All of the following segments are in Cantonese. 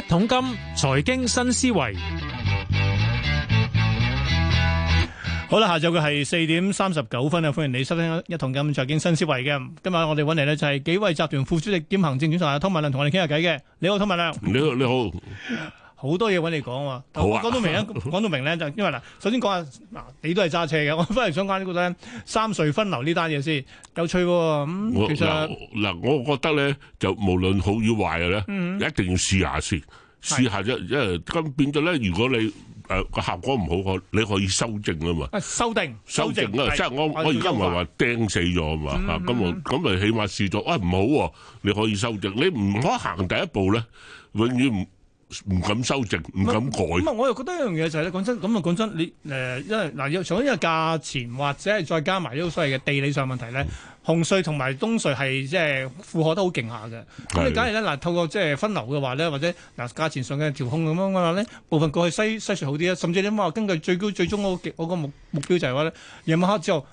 一桶金財經新思維，好啦，下晝嘅係四點三十九分啊！歡迎你收聽一桶金嘅財經新思維嘅。今日我哋揾嚟咧就係紀惠集團副主席兼行政總裁阿湯文亮同我哋傾下偈嘅。你好，湯文亮。你好，你好。好多嘢揾你講啊。好啊。講到明咧，講到明咧就因為嗱，首先講下嗱，你都係揸車嘅，我反而想講呢個咧，三隧分流呢單嘢先，有趣。咁其實嗱，我覺得咧就無論好與壞咧，一定要試下先。試下啫，因為咁變咗咧。如果你誒個效果唔好，可你可以修正啊嘛。修定，修正啊，即係我我而家唔係話釘死咗啊嘛吓。咁我咁咪起碼試咗。喂，唔好，你可以修正。你唔可行第一步咧，永遠唔唔敢修正，唔敢改。咁啊，我又覺得一樣嘢就係咧，講真咁啊，講真你誒，因為嗱，有除咗呢個價錢，或者係再加埋呢個所謂嘅地理上問題咧。紅隧同埋東隧係即係負荷得好勁下嘅，咁的你假如咧嗱透過即係分流嘅話咧，或者嗱價錢上嘅調控咁樣嘅話咧，部分過去西西隧好啲啊，甚至你話根據最高最終嗰個極個目目標就係話咧，夜晚黑之後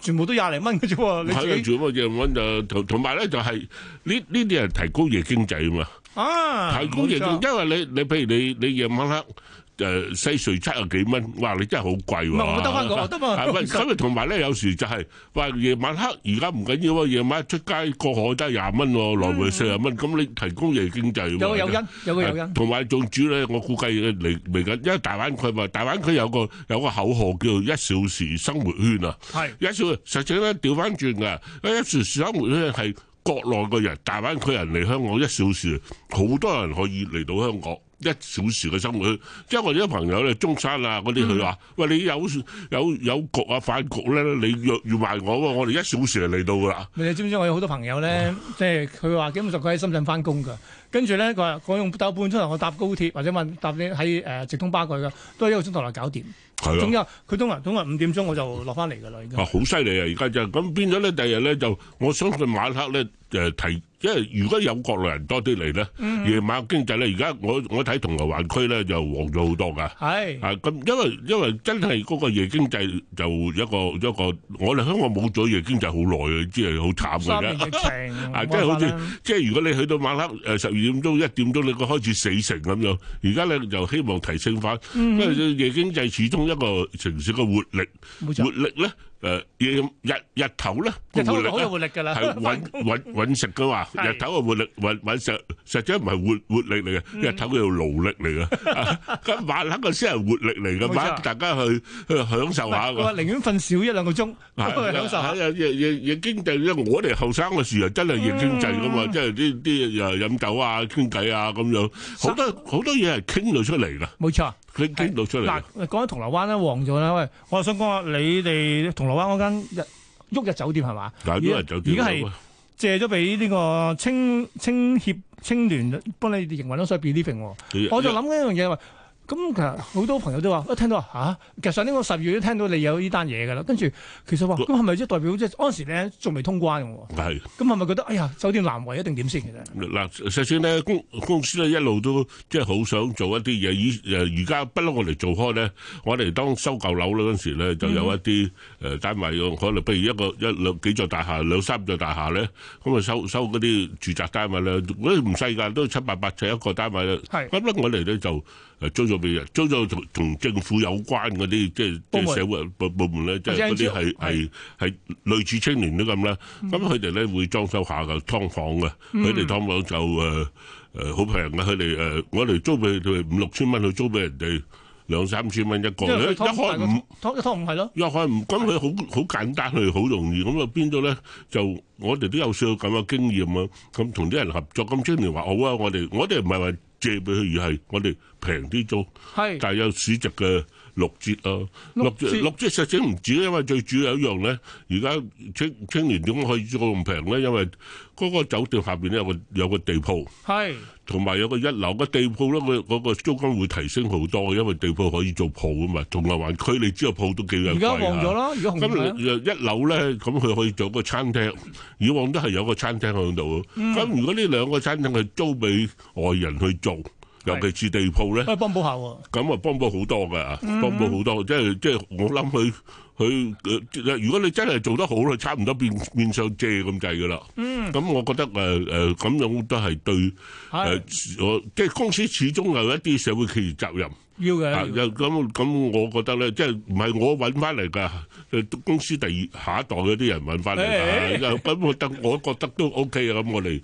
全部都廿零蚊嘅啫喎，睇緊全部夜晚就同同埋咧就係呢呢啲係提高夜經濟啊嘛，啊提高夜經，錯因為你你譬如你你夜晚黑。誒西隧七十幾蚊，哇！你真係好貴喎。唔係唔得翻個，得嘛？係咪咁？同埋咧，有時就係話夜晚黑，而家唔緊要喎。夜晚出街過海都係廿蚊喎，來回四十蚊。咁你提供夜經濟有個原因，有個原因。同埋種主咧，我估計嚟嚟緊，因為大灣區嘛，大灣區有個有個口號叫做一小時生活圈啊。係一小時，實際咧調翻轉嘅一小時生活圈係國內嘅人，大灣區人嚟香港一小時，好多人可以嚟到香港。一小時嘅生活，即係我哋啲朋友咧，中山啊嗰啲佢話：嗯、喂，你有有有局啊飯局咧，你約約埋我喎，我哋一小時就嚟到㗎啦。你知唔知我有好多朋友咧，即係佢話基本上佢喺深圳翻工㗎，跟住咧佢話佢用得半鐘頭，我搭高鐵或者問搭啲喺誒直通巴過去㗎，都係一個鐘頭嚟搞掂。係啊，總之佢通常通常五點鐘我就落翻嚟㗎啦，已經。好犀利啊！而家真係咁變咗咧，第二日咧就我相信晚黑咧誒睇。因為如果有國內人多啲嚟咧，嗯、夜晚嘅經濟咧，而家我我睇銅鑼灣區咧就旺咗好多噶。係是啊，咁因為因為真係嗰個夜經濟就一個一個，我哋香港冇咗夜經濟好耐 啊，即係好慘嘅啫。啊，即係好似即係如果你去到晚黑誒十二點鐘一點鐘，你個開始死城咁樣。而家咧就希望提升翻，嗯嗯、因為夜經濟始終一個城市嘅活力活力咧。沒錯 誒，要日日頭咧，日頭好有活力噶啦，係搵搵搵食噶嘛，日頭係活力，搵搵食，實際唔係活活力嚟嘅，日頭佢係勞力嚟嘅，咁晚黑個先係活力嚟嘅，玩大家去去享受下。我寧願瞓少一兩個鐘，享受下。夜夜夜經濟咧，我哋後生嘅時候，真係夜經濟噶嘛，即係啲啲又飲酒啊、傾偈啊咁樣，好多好多嘢係傾到出嚟噶。冇錯。佢傾到出嚟嗱，講起銅鑼灣咧，旺咗啦。喂，我又想講下你哋銅鑼灣嗰間日旭日酒店係嘛？嗱，旭日酒店而家係借咗俾呢個青青協青聯幫你營運嗰所 building，我就諗緊一樣嘢喎。的咁其實好多朋友都話：一聽到嚇、啊，其實上呢個十月都聽到你有呢單嘢㗎啦。跟住其實話，咁係咪即代表即係嗰陣時咧仲未通關㗎喎？係是。咁係咪覺得哎呀酒店難為一定點先、嗯？其實嗱，首先咧公公司咧一路都即係好想做一啲嘢。以誒而家不嬲我嚟做開咧，我嚟當收舊樓咧嗰陣時咧，就有一啲誒單位㗎。可能譬如一個一兩幾座大廈、兩三座大廈咧，咁、嗯、啊收收嗰啲住宅單位咧，嗰啲唔細㗎，都七八百尺一個單位啦。係。不嬲我嚟咧就。誒租咗俾人，租咗同同政府有關嗰啲，即係即係社會部部門咧，即係嗰啲係係係類似青年都咁啦。咁佢哋咧會裝修下嘅劏房嘅，佢哋劏房就誒誒好平嘅。佢哋誒我哋租俾佢五六千蚊，佢租俾人哋兩三千蚊一個咧。一開唔一開唔係咯，一開唔咁佢好好簡單，佢好容易咁啊。變咗咧就我哋都有少少咁嘅經驗啊。咁同啲人合作咁，青年話好啊。我哋我哋唔係話。借俾佢，而係我哋平啲租，係，但係有市值嘅。六折啊，六折六折，實質唔止，因為最主要有一樣咧，而家青青年點可以做咁平咧？因為嗰個酒店下邊咧有個有個地鋪，係同埋有一個一樓嘅地鋪咧，佢嗰、嗰個租金會提升好多，因為地鋪可以做鋪啊嘛。同埋還區，你知啊，鋪都幾貴。而家旺咗啦，咁一樓咧，咁佢可以做個餐廳，以往都係有個餐廳響度啊。咁、嗯、如果呢兩個餐廳佢租俾外人去做？尤其是地鋪咧，幫補下咁啊，幫補好多噶，幫補好多，即係即係我諗佢佢，如果你真係做得好，佢差唔多變變相借咁滯噶啦。咁、嗯、我覺得誒誒、咁、呃、樣都係對誒，我即係公司始終有一啲社會企業責任，要嘅。咁咁、啊呃、我覺得咧，即係唔係我搵翻嚟噶，公司第下一代嗰啲人搵翻嚟啊，咁我得，我覺得都 O K 啊，咁我哋。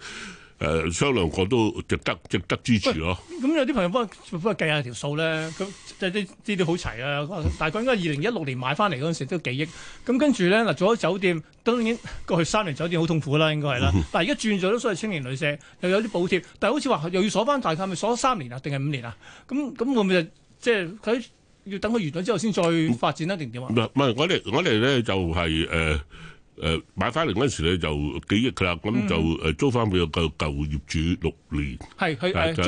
誒商量過都值得值得支持咯。咁、嗯、有啲朋友幫佢計下條數咧，咁即係啲資料好齊啊。大概應該二零一六年買翻嚟嗰陣時都幾億。咁跟住咧嗱，做咗酒店，當然過去三年酒店好痛苦啦，應該係啦。但係而家轉咗都所謂青年旅舍，又有啲補貼。但係好似話又要鎖翻大卡，咪鎖三年啊，定係五年啊？咁咁會唔會即係佢要等佢完咗之後先再發展咧，定點啊？唔係、嗯嗯，我哋我哋咧就係、是、誒。呃誒買翻嚟嗰時咧就幾億㗎啦，咁、嗯、就誒租翻俾個舊舊業主六年，係係係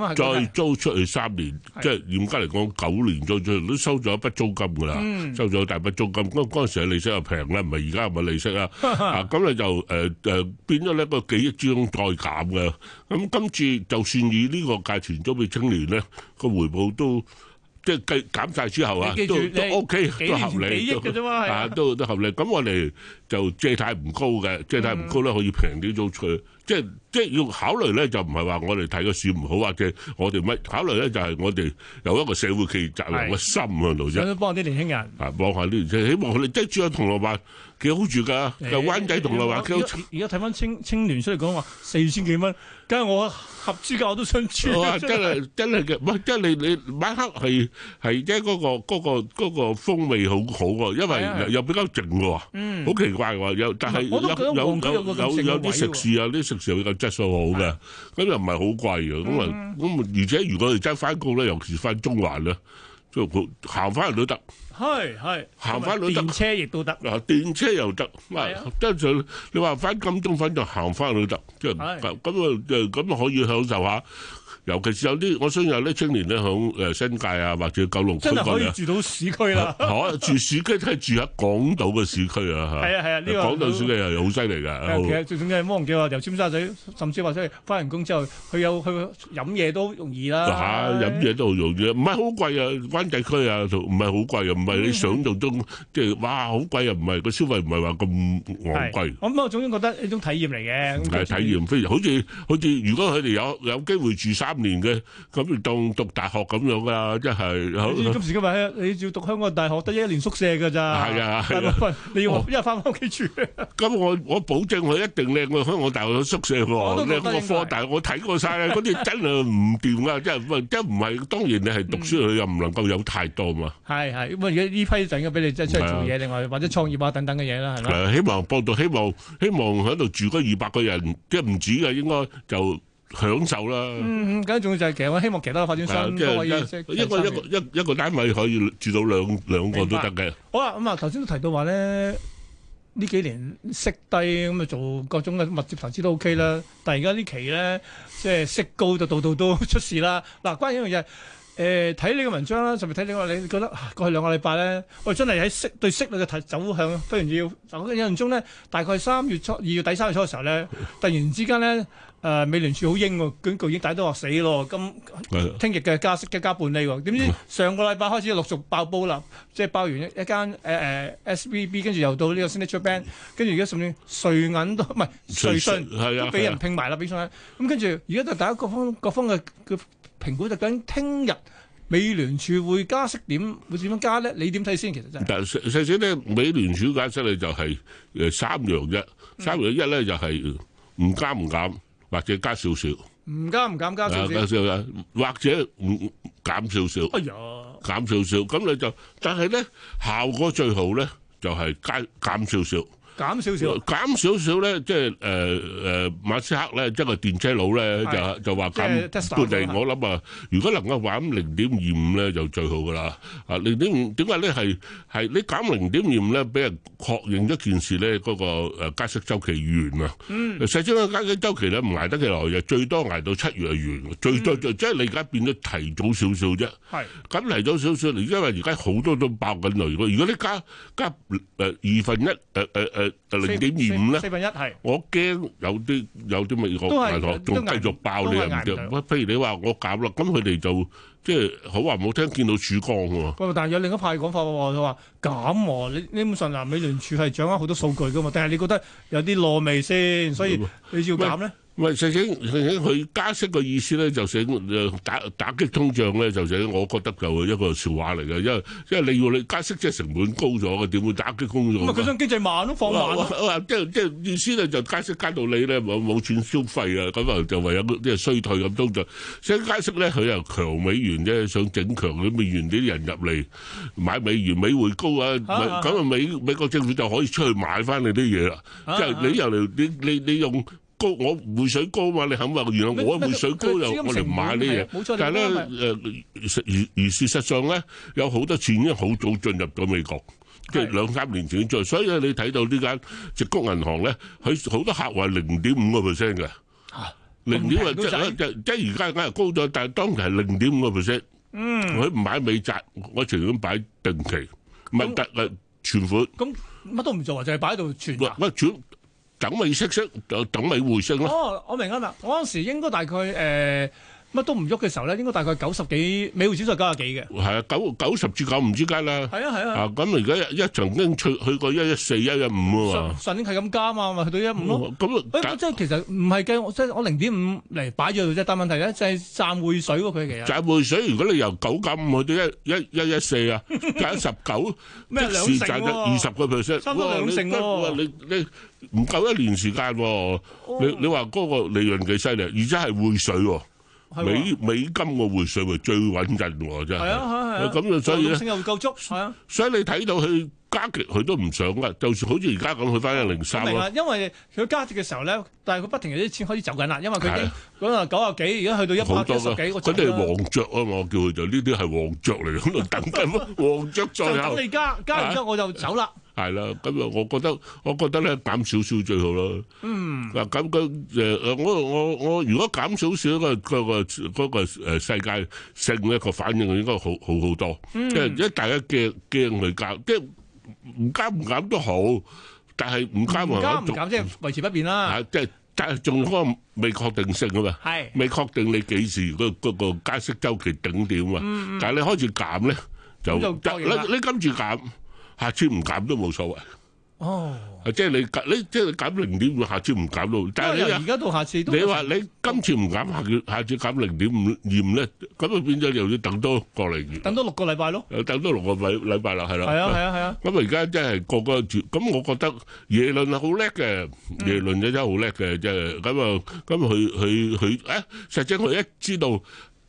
收再租出去三年，是即係嚴格嚟講九年租出去，再再都收咗一筆租金㗎啦，嗯、收咗大筆租金。嗰嗰陣時嘅利息又平啦，唔係而家係咪利息 啊？啊咁咧就誒誒、呃、變咗呢個幾億之中再減嘅，咁今次就算以呢個價錢租俾青年咧，個回報都。即係減減晒之後啊，都都 O、OK, K，幾都合理，啊，都都合理。咁 我哋就借貸唔高嘅， 借貸唔高咧可以平啲租出去。即係即係要考慮咧，就唔係話我哋睇個市唔好，或者我哋乜考慮咧，就係、是、我哋有一個社會企業責任嘅心喺度啫。想幫啲年輕人，幫下呢年輕，希望佢哋即住喺銅鑼灣幾好住㗎，個、欸、灣仔銅鑼灣幾好。而家睇翻青青年出嚟講話四千幾蚊，梗係我合資格我都想住。真係真係嘅，唔係真係 你，你晚黑係係即係嗰個嗰、嗰個嗰個風味好好喎，因為又比較靜喎，好、嗯、奇怪喎。但係我都有有啲食肆啊。啲。食又咁質素好嘅，咁又唔係好貴嘅。咁啊，咁、嗯、而且如果你真係翻工咧，尤其是翻中環咧，即係行翻去都得，係係行翻去電車亦都得啊！電車又得，唔係跟住你話翻金鐘反，反正就行翻去都得，即係咁啊，就咁啊可以享受下。尤其是有啲，我相信有啲青年咧喺誒新界啊，或者九龍，真係可以住到市區啊！好住市區都係住喺港島嘅市區啊！係啊係啊，呢個港島市區又好犀利㗎。其實最重要係望住話，由尖沙咀，甚至話真係翻完工之後，佢有去飲嘢都容易啦。嚇飲嘢都好容易，唔係好貴啊，灣仔區啊，唔係好貴啊，唔係你想像中即係哇好貴啊，唔係個消費唔係話咁昂貴。我咁啊，總覺得一種體驗嚟嘅。係體驗非常，好似好似如果佢哋有有機會住沙。今年嘅咁當讀大學咁樣噶，即係。你今時今日你照讀香港大學得一年宿舍噶咋？係啊，唔係你要我而家翻翻屋企住。咁我我保證我一定靚，我香港大學嘅宿舍，靚嗰個科大我睇過晒啦，嗰啲真係唔掂啊，即係，即係唔係。當然你係讀書，你又唔能夠有太多嘛。係係，咁啊，呢批就應該俾你即係出嚟做嘢，另外或者創業啊等等嘅嘢啦，係咯。希望播到希望希望喺度住嗰二百個人，即係唔止噶，應該就。享受啦，嗯嗯，咁重要就係，其實我希望其他發展商都可以的，因為一個一個一個單位可以住到兩兩個都得嘅。好啦，咁啊頭先都提到話咧，呢幾年息低咁啊做各種嘅物業投資都 OK 啦，嗯、但係而家呢期咧即係息高就到度都出事啦。嗱、啊，關於一樣嘢。誒睇、呃、你個文章啦，就咪睇你個，你覺得、啊、過去兩個禮拜咧，我真係喺息對息率嘅提走向非常之要。印象中咧，大概三月初二月底三月初嘅時候咧，突然之間咧，誒、呃、美聯儲好鷹喎、哦，捲軸已經抵到我死咯。咁聽日嘅加息加半厘喎、哦，點知上個禮拜開始陸續爆煲喇，即係爆完一間誒誒 SVB，跟住又到呢個 Signature Bank，跟住而家甚至瑞銀都唔係瑞信，係 啊，俾人拼埋啦，俾瑞銀。咁跟住而家就大家各方各方嘅。評估究竟聽日美聯儲會加息點會點樣加咧？你點睇先？其實就但細細咧，美聯儲加息咧就係三樣啫，三樣一咧就係唔加唔減，或者加少少。唔加唔減，加少少，或者唔減少少。哎呀，減少少，咁你就，但係咧效果最好咧就係加減少少，減少少，減少少咧，即係誒誒，馬斯克咧，即係個電車佬咧，電車人就就話減。但係、呃、對我諗啊，如果能夠減零點二五咧，就最好噶啦。啊，零點五點解咧係係你減零點二五咧，俾人確認一件事咧，嗰個誒加息周期完啊。嗯，實際個加息周期咧唔挨得幾耐嘅，最多挨到七月係完。最最即係你而家變咗提早少少啫。係咁嚟咗少少，因為而家好多都爆緊雷。如果如果你加加誒二分一誒誒，呃呃呃四分一係，我驚有啲有啲美國銀行仲繼續爆你，唔知，不，譬如你話我減啦，咁佢哋就即係好話唔好聽，見到曙光喎。不，但係有另一派講法喎，佢話減喎，你你唔信啊？美聯儲係掌握好多數據噶嘛，但係你覺得有啲落味先，所以你要減咧。唔係，成日成日佢加息嘅意思咧，就想打打擊通脹咧，就係我覺得就係一個笑話嚟嘅，因為因為你要你加息即係成本高咗嘅，點會打擊通咗？唔係佢想經濟慢咯，放慢。即即意思咧，就加息加到你咧冇冇錢消費啊，咁啊就唯有即係衰退咁多就想加息咧，佢又強美元啫，想整強美元啲人入嚟買美元，美匯高啊，咁啊美美國政府就可以出去買翻你啲嘢啦，即係你又嚟你你你用。高我匯水高嘛？你肯話原來我匯水高又我哋唔買呢嘢。但係咧誒，而而事實上咧，有好多錢已經好早進入咗美國，即係兩三年前進。所以你睇到呢間直谷銀行咧，佢好多客戶係零點五個 percent 嘅，零點五個 percent 即係即係而家梗係高咗，但係當期係零點五個 percent。嗯，佢唔買美債，我隨便擺定期，唔係唔係存款。咁乜都唔做啊？就係擺喺度存。喂，存。等你息息，就等你回聲咯。哦，我明啊，嗱，我嗰陣時應該大概誒。呃乜都唔喐嘅時候咧，應該大概九十幾，美元指數九十幾嘅。係啊，九九十至九五之間啦。係啊係啊。啊咁而家一曾經去去過一一四一一五喎。上年係咁加啊嘛，咪去到一五咯。咁誒，即係其實唔係計，即係我零點五嚟擺咗度啫。但問題咧就係賺匯水喎，佢其實。賺匯水，如果你由九減五去到一一一一四啊，減十九，即係賺咗二十個 percent。爭個兩成喎，你你唔夠一年時間喎，你你話嗰個利潤幾犀利，而家係匯水喎。美美金嘅匯水咪最穩陣喎，真係。係啊係啊係啊。咁樣所以咧，升又夠足。係啊。所以你睇到佢加極佢都唔想嘅，就算好似而家咁去翻一零三咯。明啦，因為佢加極嘅時候咧，但係佢不停有啲錢開始走緊啦，因為佢已經嗰度九啊幾，而家去到一百九啊幾，我真係。好多嘅。佢哋黃雀啊嘛，叫佢就呢啲係黃雀嚟，喺度等緊咯，黃雀在手。等你加，加唔得我就走啦。係啦，咁啊，我覺得，我覺得咧，減少少最好咯。嗯，嗱，咁個誒誒，我我我，我如果減少少，嗰個、嗰個、嗰個誒世界性咧個反應應該好好好多。即係、嗯、一大家驚驚去加，即係唔加唔減都好，但係唔加唔減唔即係維持不變啦、啊。即係，但係仲有未確定性啊嘛。係未確定你幾時個個加息周期頂點啊？但係你開始減咧，就你、嗯、你跟住減。下次唔減都冇所謂，哦，即係你減，你即係減零點五，下次唔減都。但係由而家到下次，你話你今次唔減，下次減零點五二五咧，咁啊變咗又要等多個禮月。等多六個禮拜咯。等多六個禮禮拜啦，係啦。係啊係啊係啊。咁而家即係個個住，咁我覺得耶倫係好叻嘅，耶倫真係好叻嘅，即係咁啊咁佢佢佢，誒，實際佢一知道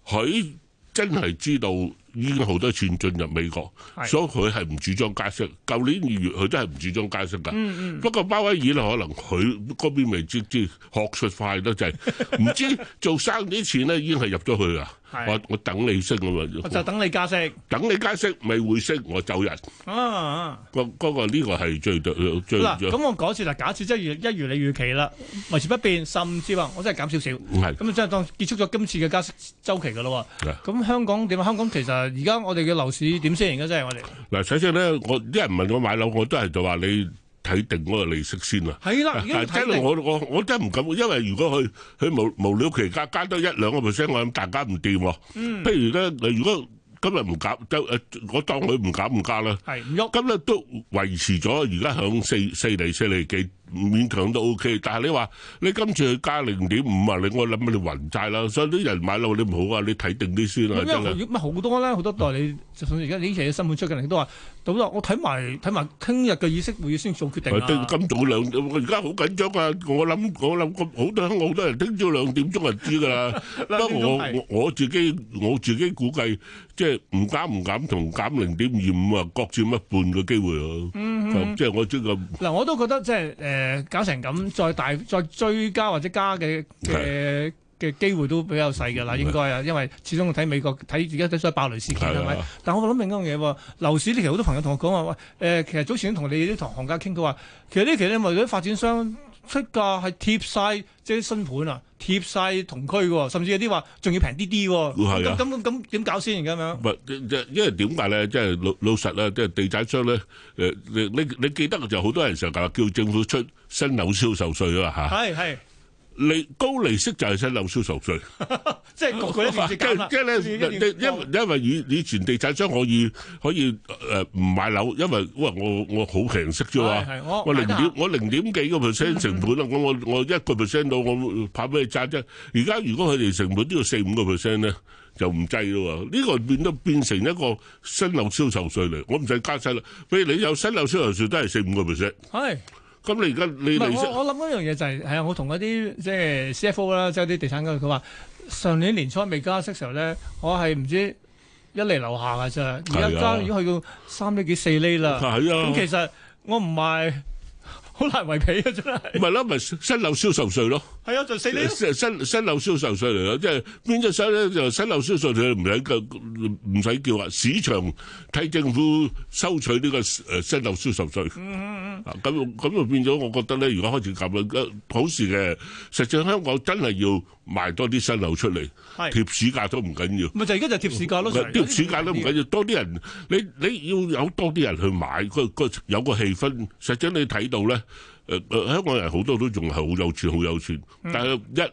佢真係知道。已經好多錢進入美國，的所以佢係唔主張加息。舊年二月佢都係唔主張加息㗎。嗯嗯，不過鮑威爾可能佢嗰邊未知學、就是、 知學術快得滯，唔知做生啲錢咧，已經係入咗去啦。我我等你升啊嘛，就等你加息，等你加息咪會升，我走人。啊，嗰嗰、嗰個呢個係最最。嗱，咁、啊、我講一次啦，假設即係一如你預期啦，維持不變，甚至話我真係減少少。咁啊係，即係當結束咗今次嘅加息週期嘅咯。咁、啊、香港點啊？香港其實而家我哋嘅樓市點先？而家真係我哋。嗱，首先咧，我啲人問我買樓，我都係就話你。睇定嗰個利息先啊！係啦，而家睇定我我我真係唔敢，因為如果佢佢無無料期間加多一兩個 percent，我諗大家唔掂喎。嗯，譬如咧，你如果今日唔搞，就誒，我當佢唔搞，唔加啦。係，唔喐。咁咧都維持咗，而家響四四釐四釐幾。勉強都 OK，但係你話你今次去加零點五啊，你我諗你還債啦，所以啲人買樓你唔好啊，你睇定啲先啊，真係。因為乜好多咧，好多代理，甚至而家呢期新盤出嘅人都話，到咗我睇埋睇埋聽日嘅議息會議先做決定啊。今早兩點，而家好緊張啊！我諗我諗好多，我好多人聽朝兩點鐘就知㗎啦。不過我我我自己我自己估計，即係唔加唔減同減零點二五啊，各佔一半嘅機會啊。嗯。嗯、即係我追個嗱， 我都覺得即係誒搞成咁，再大再追加或者加嘅嘅嘅機會都比較細㗎啦，的應該啊，因為始終睇美國睇而家睇衰爆雷事件係咪？的的但我諗另一樣嘢喎，樓市呢期好多朋友同我講話，喂誒，其實早前同你啲同行家傾過話，其實呢期你咪嗰啲發展商。出價係貼曬即係啲新盤啊，貼曬同區喎，甚至有啲話仲要平啲啲喎。咁咁咁點搞先？咁樣唔係即係因為點解咧？即係老老實啦，即係地產商咧誒，你你你記得就係好多人成日話叫政府出新樓銷售稅啊嚇。係係，利高利息就係新樓銷售稅。即係嗰啲亂事搞啦！即係咧，因因為以以前地產商可以可以誒唔買樓，因為哇，我我好平息啫嘛，我零點我零點幾個 percent 成本啦，我我我一個 percent 到，我派俾你賺啫。而家如果佢哋成本都要四五個 percent 咧，就唔制啦喎。呢個變得變成一個新樓銷售稅嚟，我唔使加稅啦。譬如你有新樓銷售稅都係四五個 percent，係。咁你而家你嚟？我我諗一樣嘢就係係啊，我同嗰啲即係 CFO 啦，即係啲地產 guy，佢話。上年年初未加息時候咧，我係唔知一厘樓下噶咋，而家加已經去到三厘幾四厘啦。咁、係啊、其實我唔係好難為皮啊，真係。咪、唔係、咯，咪新樓銷售稅咯。係啊，就四呢？新新新樓銷售稅嚟咯，即係邊隻稅咧就新樓銷售稅唔使叫，唔使叫啊！市場替政府收取呢個誒新樓銷售稅。嗯嗯嗯。咁咁就變咗，我覺得咧，如果開始咁，好事嘅。實際香港真係要賣多啲新樓出嚟，貼市價都唔緊要。咪就而家就貼市價咯。貼市價都唔緊要，多啲人，你你要有多啲人去買，個個有個氣氛。實際你睇到咧。誒誒、呃，香港人好多都仲係好有錢，好有錢。但係一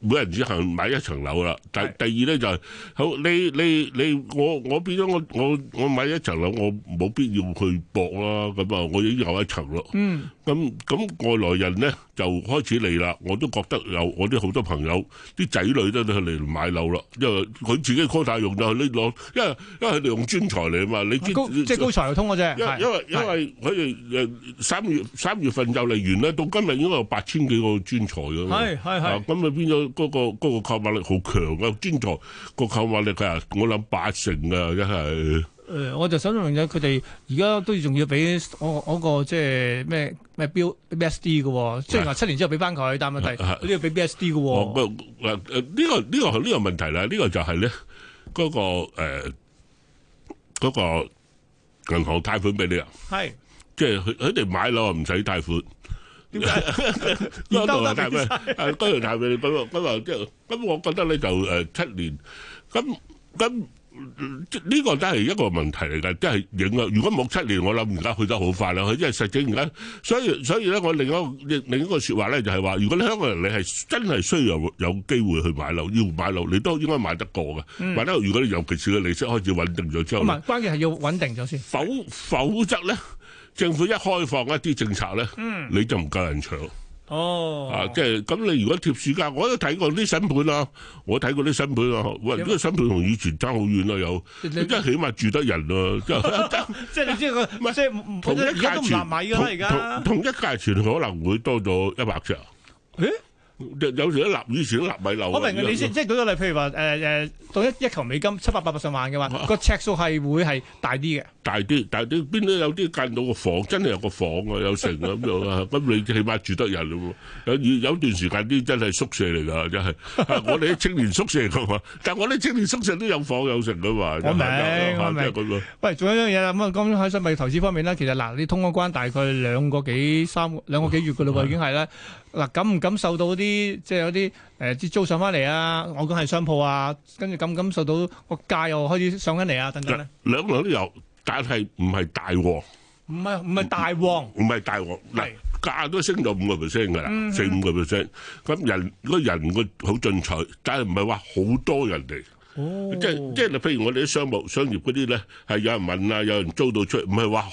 每人只限買一層樓啦。第第二咧就係、是、好，你你你，我我變咗我我我買一層樓，我冇必要去搏啦。咁啊，我已經有一層咯。嗯。咁咁，外來人咧。就開始嚟啦！我都覺得有我啲好多朋友啲仔女都去嚟買樓啦，因為佢自己高大用咗去攞，因為因為佢用專才嚟啊嘛，你高即係、就是、高才通嗰啫。因因為因為佢哋誒三月三月份就嚟完啦，到今日應該有八千幾個專才噶嘛，係係係。咁咪變咗嗰個嗰個購買力好強啊！專才、那個購買、那個、力佢啊、那個，我諗八成啊，一係。誒、呃，我就想問咗佢哋，而家都仲要俾我嗰個即係咩咩標 BSD 嘅，即係話七年之後俾翻佢，但問題呢要俾 BSD 嘅喎。呢個呢個呢個問題咧，呢、這個就係咧嗰個誒嗰、啊那個、銀行貸款俾你是啊，係即係佢哋買樓唔使貸款，嗰度貸咩？嗰度貸俾你嗰個嗰個即係，咁我覺得咧就誒七年，咁那咁。呢個都係一個問題嚟㗎，即係影響。如果冇七年，我諗而家去得好快啦。佢即係實際而家，所以所以咧，我另一另一個説話咧，就係、是、話，如果你香港人你係真係需要有機會去買樓，要買樓，你都應該買得過嘅。買得、嗯，如果你尤其是個利息開始穩定咗之後，唔係、嗯、關鍵係要穩定咗先。否否則咧，政府一開放一啲政策咧，嗯、你就唔夠人搶。哦，啊，即係咁你如果貼市價，我都睇過啲新盤啦，我睇過啲新盤啊，喂，呢個新盤同以前爭好遠啦，啊，又，即係 起碼住得人啊。即係即係你知個，唔係即係同一而家都同一價錢可能會多咗一百尺隻。欸有有時啲納宇錢都納米樓啊！我明你先，即係舉個例，譬如話誒誒，到一一球美金七百八十萬嘅話，個尺數係會係大啲嘅。大啲，但係你邊度有啲間到個房，真係有個房啊，有成咁樣啊。咁你起碼住得人咯。有有段時間啲真係宿舍嚟噶，真係。我哋青年宿舍噶嘛，但係我哋青年宿舍都有房有成噶嘛。我明，我明咁咯。喂，仲有一樣嘢咁啊，咁開心咪投資方面咧。其實嗱，你通關關大概兩個幾三個兩個幾月噶嘞喎，已經係咧。嗱，感唔感受到啲即係有啲誒啲租上翻嚟啊？我講係商鋪啊，跟住感唔感受到個價又開始上緊嚟啊，等等咧，兩樣都有，但係唔係大旺，唔係唔係大旺，唔係大旺，嗱價都升到五個 percent 㗎啦，四五個 percent，咁人個人會好進取，但係唔係話好多人嚟。即即係譬如我哋啲商務、商業嗰啲咧，係有人問啊，有人租到出，唔係話好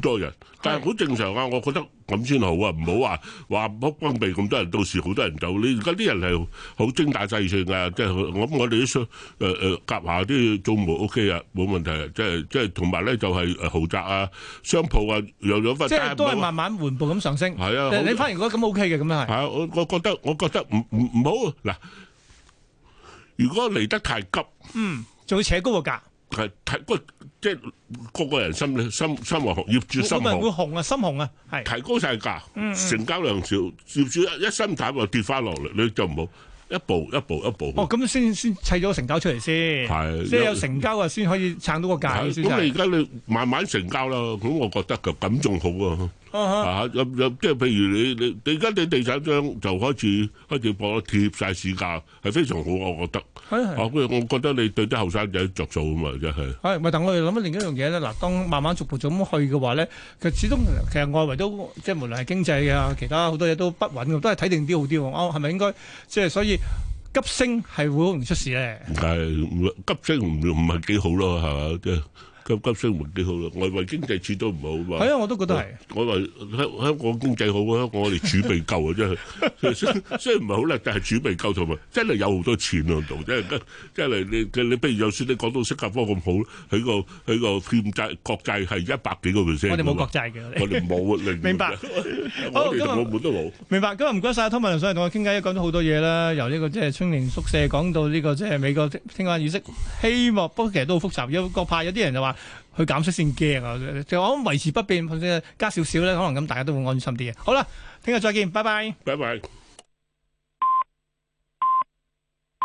多人，但係好正常啊。我覺得咁先好啊，唔好話話冇軍備咁多人，到時好多人走。你而家啲人係好精打細算啊，即係我我哋啲商誒誒夾下啲租唔 O K 啊，冇問題啊，即係即係同埋咧就係豪宅啊、商鋪啊，有咗份即係都係慢慢緩步咁上升。係啊，你反而覺得咁 O K 嘅咁樣係。係啊，我我覺得我覺得唔唔唔好嗱。如果嚟得太急，嗯，仲要扯高個價，係睇，即係個個人心心心，心紅，業主心紅會，會紅啊，心紅啊，係提高晒價，嗯，嗯，成交量少，少少，業主一心淡又跌翻落嚟，你就唔好一步一步一步。一步一步哦，咁先先砌咗成交出嚟先，係即係有成交啊，先可以撐到個價先。咁你而家你慢慢成交啦，咁、嗯、我覺得咁仲好啊。啊哈！啊哈！有有，即係譬如你你，而家你地產商就開始開始播貼曬市價，係非常好，我覺得。係係。咁我覺得你對啲後生仔着數啊嘛，真係。係咪？但係我哋諗緊另一樣嘢咧。嗱，當慢慢逐步咁去嘅話咧，其實始終其實外圍都即係無論係經濟啊，其他好多嘢都不穩，都係睇定啲好啲。哦，係咪應該即係？所以急升係會好容易出事咧。係急升唔唔係幾好咯，係嘛？急急升唔幾好咯，外圍經濟始都唔好嘛。係啊， 我都覺得係。我話香港經濟好啊，香港我哋儲備夠啊，真係。雖然唔係好叻，但係儲備夠同埋真係有好多錢喺度，即係真係你你你，不如就算你講到新加坡咁好，喺個喺個欠債國債係一百幾個 percent。我哋冇國債嘅，我哋冇啊。哦、明白。我今日冇都冇。明白，今日唔該晒。湯文亮想同我傾偈，講咗好多嘢啦。由呢、這個即係青年宿舍，講到呢、這個即係美國聽聞意識，希望不過其實都好複雜，國有國派有啲人就話。去減息先驚啊！就我諗維持不變或者加少少咧，可能咁大家都會安心啲嘅。好啦，聽日再見，拜拜，拜拜。